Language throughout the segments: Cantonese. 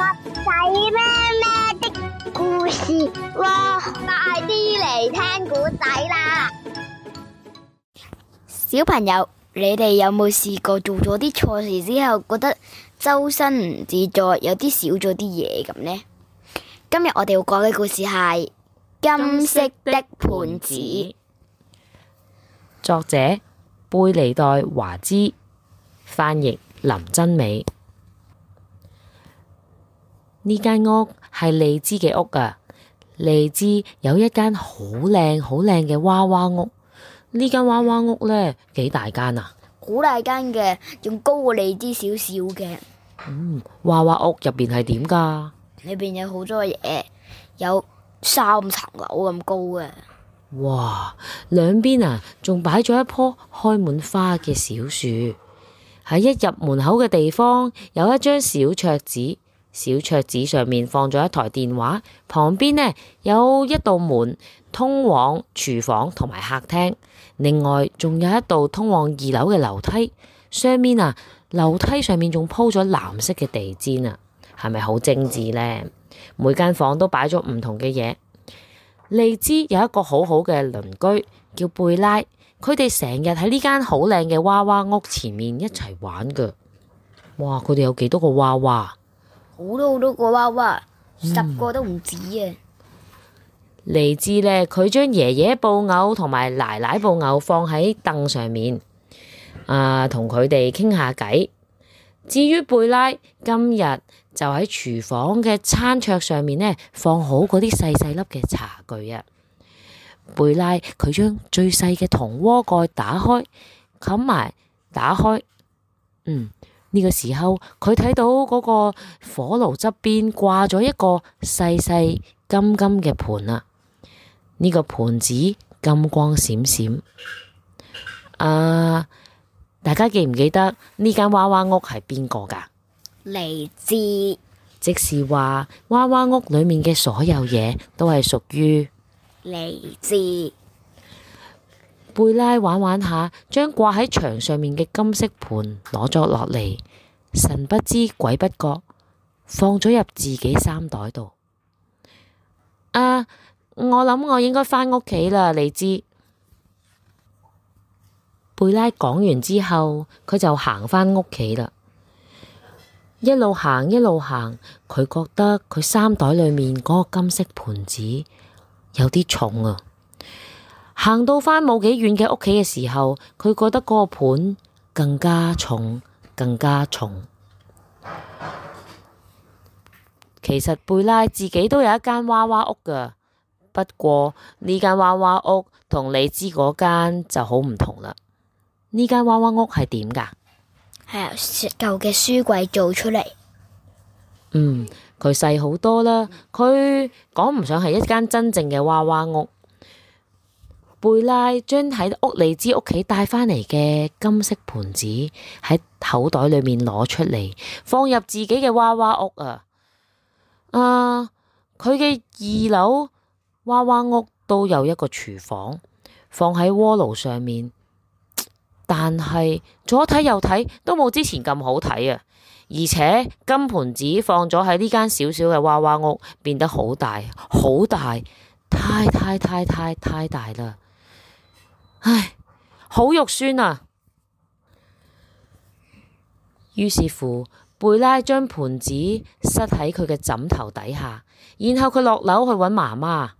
仔咩咩的故事，哇！快啲嚟聽古仔啦，小朋友，你哋有冇試過做咗啲錯事之後，覺得周身唔自在，有啲少咗啲嘢咁呢？今日我哋要講嘅故事係金色的盤子，作者貝妮黛．華茲，翻譯林真美。呢間屋係莉茲嘅屋啊！莉茲有一間好靚、好靚嘅娃娃屋。呢間娃娃屋咧幾大間啊？好大間嘅，仲高過莉茲少少嘅。嗯，娃娃屋入邊係點噶？裏邊有好多嘢，有三層樓咁高嘅。哇！兩邊啊，仲擺咗一棵開滿花嘅小樹。喺一入門口嘅地方，有一張小桌子。小桌子上面放咗一台電話，旁邊呢有一道門通往廚房同埋客廳。另外仲有一道通往二樓嘅樓梯上面啊，樓梯上面仲鋪咗藍色嘅地氈啊，係咪好精緻呢？每間房都擺咗唔同嘅嘢。莉茲有一個好好嘅鄰居叫貝拉，佢哋成日喺呢間好靚嘅娃娃屋前面一齊玩噶。哇！佢哋有幾多個娃娃？好多好多個娃娃，十個都唔止啊！莉茲咧，佢將爺爺布偶同埋奶奶布偶放喺凳上面，啊，同佢哋傾下偈。至於貝拉，今日就喺廚房嘅餐桌上面咧，放好嗰啲細細粒嘅茶具啊！貝拉佢將最細嘅銅鍋蓋打開，冚埋，打開，嗯。呢個時候，佢睇到嗰個火爐側邊掛咗一個細細金金嘅盤啊，呢、呢個盤子金光閃閃。啊，大家記唔記得呢間娃娃屋係邊個噶？莉茲，即是話娃娃屋裏面嘅所有嘢都係屬於莉茲。貝拉玩玩下，將掛喺牆上面嘅金色盤攞咗落嚟，神不知鬼不覺放咗入自己衫袋度。啊，我諗我應該翻屋企啦，你知。貝拉講完之後，佢就行翻屋企啦，一路行一路行，佢覺得佢衫袋裏面嗰個金色盤子有啲重啊。行到翻冇幾遠嘅屋企嘅時候，佢覺得個盤更加重，更加重。其實貝拉自己都有一間娃娃屋噶，不過呢間娃娃屋同莉茲嗰間就好唔同啦。呢間娃娃屋係點噶？係由舊嘅書櫃做出嚟。嗯，佢細好多啦。佢講唔上係一間真正嘅娃娃屋。貝拉將喺莉茲屋企帶翻嚟嘅金色盤子喺口袋裏面攞出嚟，放入自己嘅娃娃屋啊。啊，佢嘅二樓娃娃屋都有一個廚房，放喺鍋爐上面，但係左睇右睇都冇之前咁好睇啊。而且金盤子放咗喺呢間小小嘅娃娃屋，變得好大好大，太太太太太大啦！唉，好肉酸啊！於是乎，貝拉將盤子塞喺佢嘅枕頭底下，然後佢落樓去揾媽媽。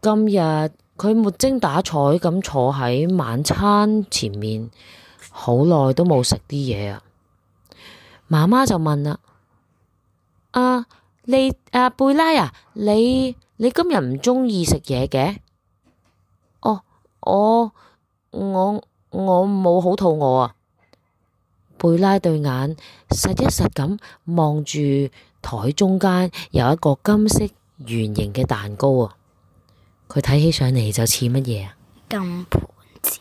今日佢沒精打采咁坐喺晚餐前面，好耐都冇食啲嘢啊！媽媽就問啦，啊，你啊，貝拉啊，你你今日唔中意食嘢嘅？我我我冇好肚餓啊！貝拉對眼實一實咁望住台中間有一個金色圓形嘅蛋糕啊！佢睇起上嚟，就似乜嘢啊？金盤子。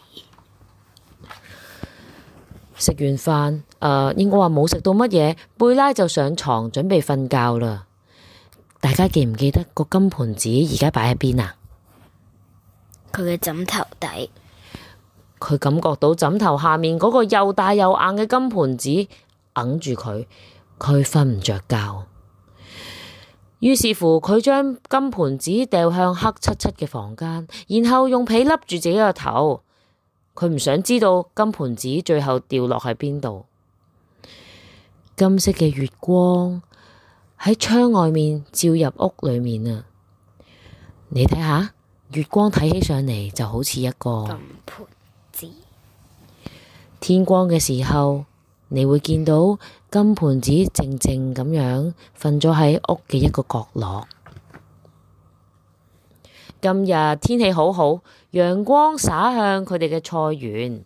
食完飯，誒、呃，應該話冇食到乜嘢。貝拉就上床準備瞓覺啦。大家記唔記得個金盤子而家擺喺邊啊？佢嘅枕頭底，佢感覺到枕頭下面嗰個又大又硬嘅金盤子揞住佢，佢瞓唔着覺。於是乎，佢將金盤子掉向黑漆漆嘅房間，然後用被笠住自己個頭。佢唔想知道金盤子最後掉落喺邊度。金色嘅月光喺窗外面照入屋裏面。啊，你睇下。月光睇起上嚟就好似一個金盤子。天光嘅時候，你會見到金盤子靜靜咁樣瞓咗喺屋嘅一個角落。今日天，天氣好好，陽光灑向佢哋嘅菜園。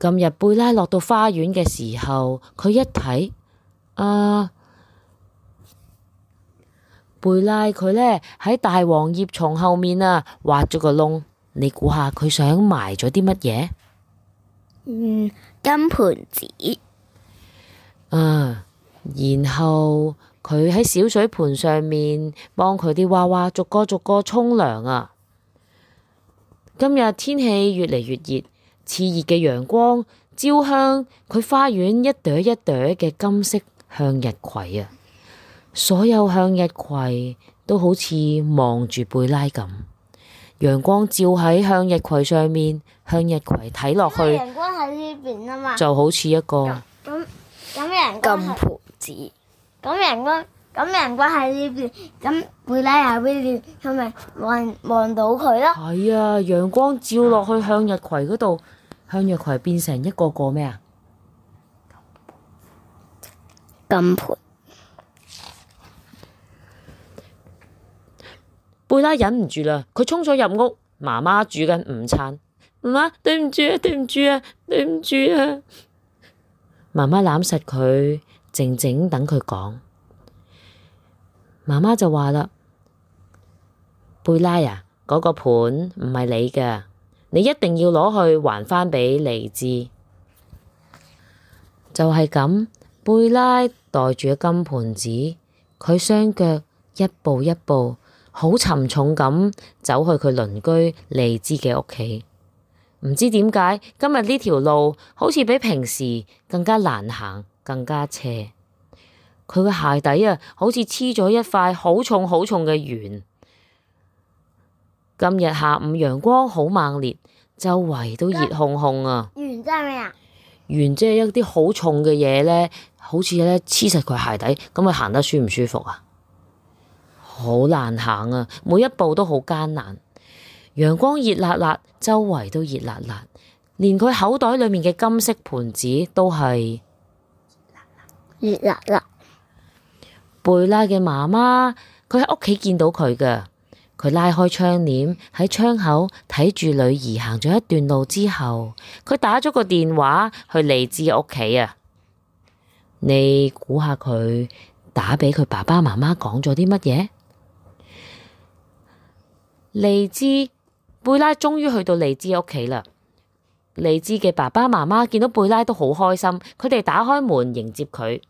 今日貝拉落到花園嘅時候，佢一睇啊！貝拉佢咧喺大黃葉叢後面啊挖咗個窿，你估下佢想埋咗啲乜嘢？嗯，金盤子。啊，然後佢喺小水盆上面幫佢啲娃娃逐個逐個沖涼啊。今日天氣越嚟越熱，熾熱嘅陽光照向佢花園一朵一朵嘅金色向日葵啊。所有向日葵都好似望住貝拉咁，陽光照喺向日葵上面，向日葵睇落去，就好似一個金盤子，金盤子，金盤子，金盤子喺呢邊，咁貝拉喺邊度，係咪望望，望到佢咯？係啊，陽光照落去向日葵嗰度，向日葵變成一個個咩啊？金盤。貝拉忍唔住啦，佢衝咗入屋。媽媽煮緊午餐，媽媽對唔住啊，對唔住啊，對唔住啊。媽媽攬實佢，靜靜等佢講。媽媽就話啦：貝拉啊，嗰個盤唔係你嘅，你一定要攞去還返畀莉茲。就」就係咁，貝拉袋住個金盤子，佢雙腳一步一步。好沉重咁走去佢鄰居莉茲嘅屋企。唔知點解今日呢條路好似比平時更加難行，更加斜。佢個鞋底啊，好似黐咗一塊好重好重嘅鉛。今日下午陽光好猛烈，周圍都熱烘烘啊。鉛即係咩啊？鉛即係一啲好重嘅嘢咧，好似咧黐實佢鞋底，咁佢行得舒唔舒服啊？好難行啊！每一步都好艱難。陽光熱辣辣，周圍都熱辣辣，連佢口袋裏面嘅金色盤子都係熱辣辣。貝拉嘅媽媽，佢喺屋企見到佢嘅，佢拉開窗簾喺窗口睇住女兒行咗一段路之後，佢打咗個電話去莉茲嘅屋企啊！你估下佢打俾佢爸爸媽媽講咗啲乜嘢？莉茲，貝拉終於去到莉茲屋企啦。莉茲嘅爸爸媽媽見到貝拉都好開心，佢哋打開門迎接佢。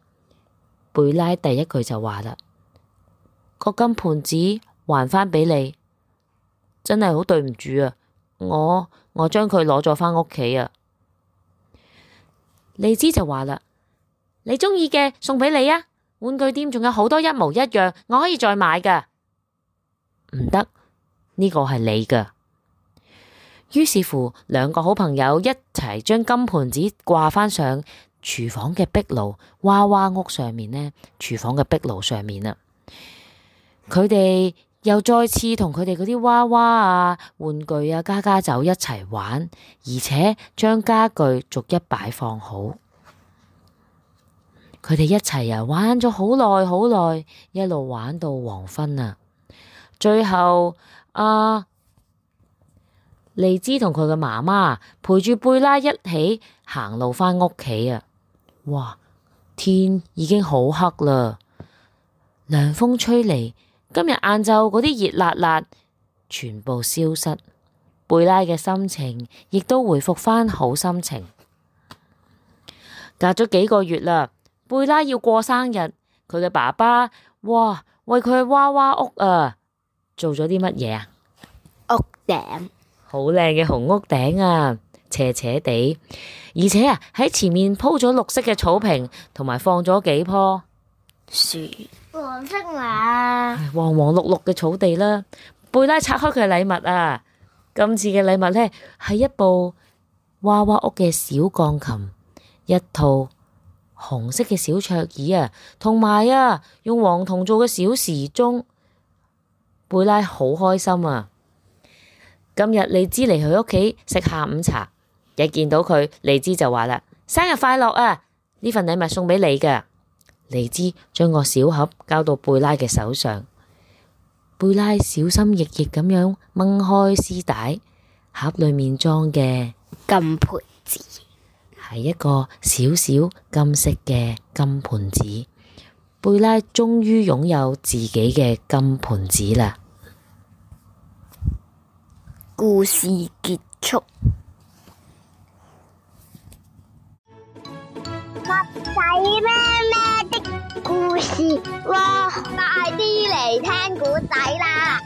貝拉第一句就話啦：個金盤子還翻俾你，真係好對唔住啊！我我將佢攞咗翻屋企啊。莉茲就話啦：你中意嘅，送俾你啊，玩具店仲有好多一模一樣，我可以再買噶，唔得。呢個係你嘅。於是乎，兩個好朋友一齊將金盤子掛翻上廚房嘅壁爐娃娃屋上面呢，廚房嘅壁爐上面啦。佢哋又再次同佢哋嗰啲娃娃啊、玩具啊、家家酒一齊玩，而且將家具逐一擺放好。佢哋一齊啊玩咗好耐，好耐，一路玩到黃昏啦，啊。最後。啊，莉茲同佢嘅媽媽陪住貝拉一起行路返屋企啊！哇，天已經好黑啦，涼風吹嚟，今日晏晝嗰啲熱辣辣全部消失，貝拉嘅心情亦都回復返好心情。隔咗幾個月啦，貝拉要過生日，佢嘅爸爸，哇為佢去娃娃屋啊！做咗啲乜嘢啊？屋頂？好靚嘅紅屋頂啊，斜斜地，而且啊喺前面鋪咗綠色嘅草坪，同埋放咗幾棵樹，黃色嘛，黃黃綠綠嘅草地啦啊。貝拉拆開佢嘅禮物啊，今次嘅禮物呢係一部娃娃屋嘅小鋼琴，一套紅色嘅小桌椅啊，同埋啊用黃銅做嘅小時鐘。貝拉好開心啊！今日莉茲嚟佢屋企食下午茶，一見到佢，莉茲就話啦：生日快樂啊！呢份禮物送俾你嘅。莉茲將個小盒交到貝拉嘅手上，貝拉小心翼翼咁樣掹開絲帶，盒裏面裝嘅金盤子係一個小小金色嘅金盤子。貝拉終於擁有自己嘅金盤子啦！故事結束。襪仔咩咩的故事咯，快啲嚟聽故事啦！